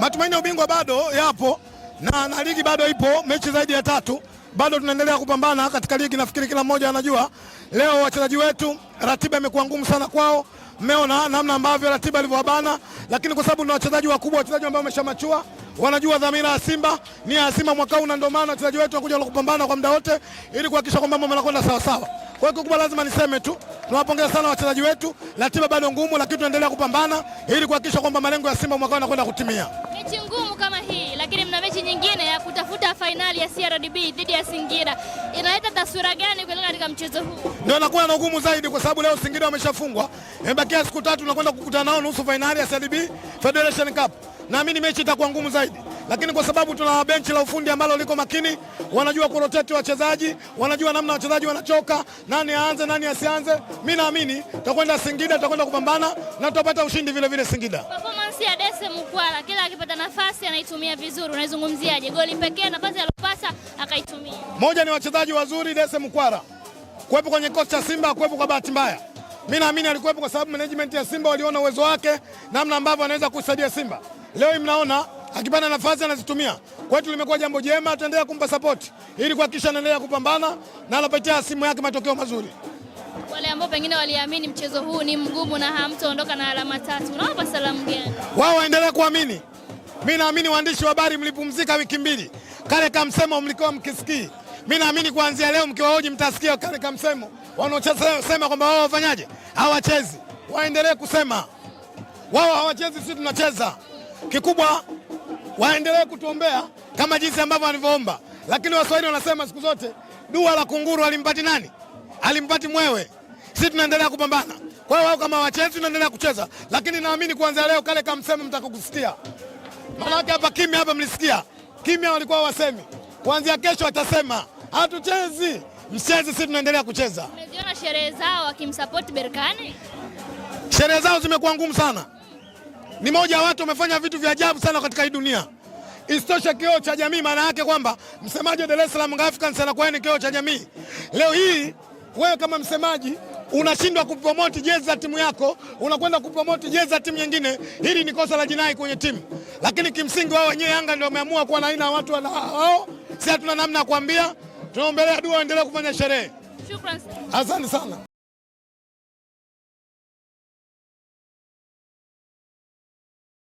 matumaini ya ubingwa bado yapo na, na ligi bado ipo, mechi zaidi ya tatu bado tunaendelea kupambana katika ligi. Nafikiri kila mmoja anajua leo wachezaji wetu ratiba imekuwa ngumu sana kwao. Mmeona namna ambavyo ratiba ilivyowabana, lakini kwa sababu na wachezaji wakubwa, wachezaji ambao wameshamachua wanajua dhamira ya Simba ni ya Simba mwaka huu, na ndio maana wachezaji wetu wakuja kupambana kwa muda wote ili kuhakikisha kwamba mambo yanakwenda sawa sawa. Kwa hiyo kikubwa, lazima niseme tu tunawapongeza sana wachezaji wetu, ratiba bado ngumu, lakini tunaendelea kupambana ili kuhakikisha kwamba malengo ya Simba mwaka huu yanakwenda kutimia. Mechi ngumu kama hii, lakini mna mechi nyingine ya kutafuta fainali ya CRDB dhidi ya Singida, inaleta taswira gani kuelekea katika mchezo huu? Ndio inakuwa na ugumu zaidi, kwa sababu leo Singida wameshafungwa, imebakia siku tatu, tunakwenda kukutana nao nusu fainali ya CRDB Federation Cup. Naamini mechi itakuwa ngumu zaidi lakini kwa sababu tuna benchi la ufundi ambalo liko makini, wanajua kuroteti wachezaji, wanajua namna wachezaji wanachoka, nani aanze nani asianze. Mi naamini tutakwenda Singida, tutakwenda kupambana na tutapata ushindi vilevile Singida nafasi ya Dese Mukwala, kila akipata nafasi anaitumia vizuri. Unaizungumziaje goli pekee, nafasi alopata akaitumia? Moja ni wachezaji wazuri, Dese Mukwala kuwepo kwenye kocha cha Simba kuwepo kwa bahati mbaya. Mimi naamini alikuwepo kwa sababu management ya Simba waliona uwezo wake, namna ambavyo anaweza kuisaidia Simba. Leo mnaona akipata nafasi anazitumia. Kwetu limekuwa jambo jema, ataendelea kumpa support ili kuhakikisha anaendelea kupambana na anapatia simu yake matokeo mazuri. Wale ambao pengine waliamini mchezo huu ni mgumu na hamtoondoka na alama tatu, unawapa salamu gani? Wao waendelee kuamini. Mimi naamini waandishi wa habari mlipumzika wiki mbili, kale kamsemo mlikuwa mkisikii. Mimi naamini kuanzia leo mkiwahoji mtasikia kale kamsemo wanaosema kwamba wao wafanyaje, hawachezi. Waendelee kusema wao hawachezi, sisi tunacheza. Kikubwa waendelee kutuombea kama jinsi ambavyo walivyoomba, lakini waswahili wanasema siku zote dua la kunguru alimpati nani? halimpati mwewe. Sisi tunaendelea kupambana. Kwa hiyo wao kama wachezi, tunaendelea kucheza, lakini naamini kuanzia leo kale mtakokusikia, maana yake hapa kimya, hapa mlisikia kimya, walikuwa wasemi. Kuanzia kesho watasema hatuchezi, mcheze. Sisi tunaendelea kucheza. Umeziona sherehe zao wakimsapoti Berkane? Sherehe zao zimekuwa ngumu sana, ni moja ya watu wamefanya vitu vya ajabu sana katika hii dunia. Isitoshe kioo cha jamii, maana yake kwamba msemaji wa Dar es Salaam Africans anakuwa ni kioo cha jamii leo hii wewe kama msemaji unashindwa kupromoti jezi za timu yako, unakwenda kupromoti jezi za timu nyingine. Hili ni kosa la jinai kwenye timu, lakini kimsingi wao wenyewe Yanga ndio wameamua kuwa na aina ya watu wao. si hatuna namna ya kuambia, tunaombelea dua, waendelee kufanya sherehe. Asante sana.